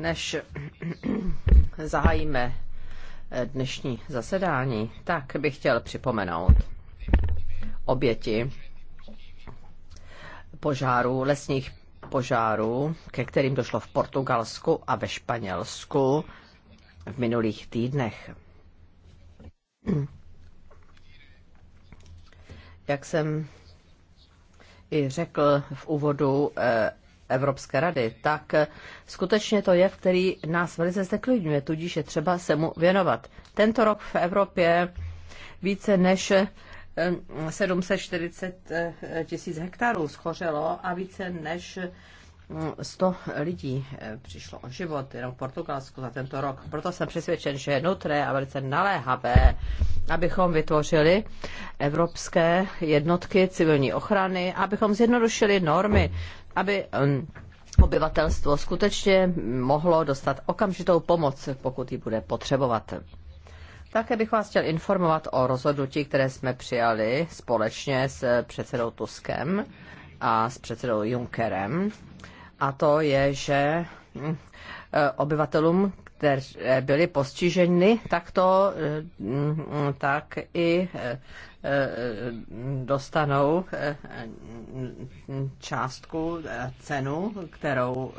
než zahájíme eh, dnešní zasedání, tak bych chtěl připomenout oběti požáru lesních požárů, ke kterým došlo v Portugalsku a ve Španělsku v minulých týdnech. Jak jsem i řekl v úvodu, eh, Evropské rady, tak skutečně to je, který nás velice zneklidňuje, tudíž je třeba se mu věnovat. Tento rok v Evropě více než 740 eh, eh, tisíc hektarů schořelo a více než 100 lidí eh, přišlo o život jenom v Portugalsku za tento rok. Proto jsem přesvědčen, že je nutné a velice naléhavé, abychom vytvořili evropské jednotky civilní ochrany, abychom zjednodušili normy, aby obyvatelstvo skutečně mohlo dostat okamžitou pomoc, pokud ji bude potřebovat. Také bych vás chtěl informovat o rozhodnutí, které jsme přijali společně s předsedou Tuskem a s předsedou Junckerem a to je, že hm, eh, obyvatelům, kteří eh, byli postiženy, tak to eh, hm, tak i dostanou hm, částku, cenu, kterou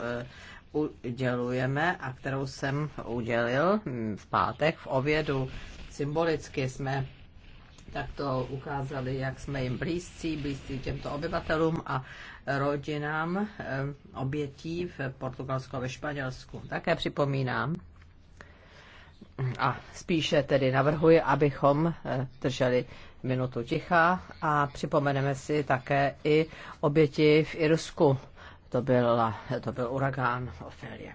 udělujeme a kterou jsem udělil v pátek v obědu. Symbolicky jsme tak to ukázali, jak jsme jim blízcí, blízcí těmto obyvatelům a rodinám eh, obětí v Portugalsku a ve Španělsku. Také připomínám, a spíše tedy navrhuji, abychom eh, drželi minutu ticha a připomeneme si také i oběti v Irsku. To, byla, to byl uragán Ophelia.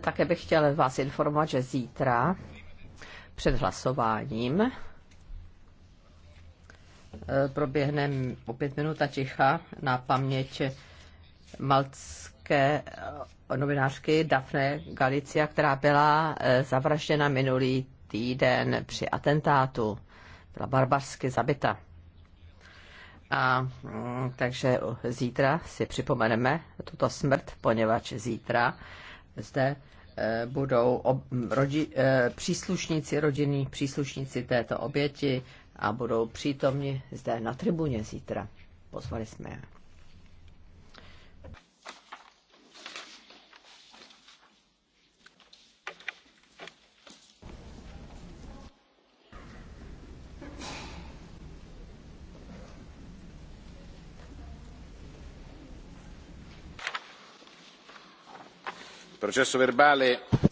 Také bych chtěl vás informovat, že zítra před hlasováním eh, proběhne opět minuta ticha na paměť maltské eh, novinářky Dafne Galicia, která byla eh, zavražděna minulý týden při atentátu. Byla barbarsky zabita. A mm, takže zítra si připomeneme tuto smrt, poněvadž zítra zde e, budou ob, rodi, e, příslušníci rodiny, příslušníci této oběti a budou přítomni zde na tribuně zítra. Pozvali jsme je. processo verbale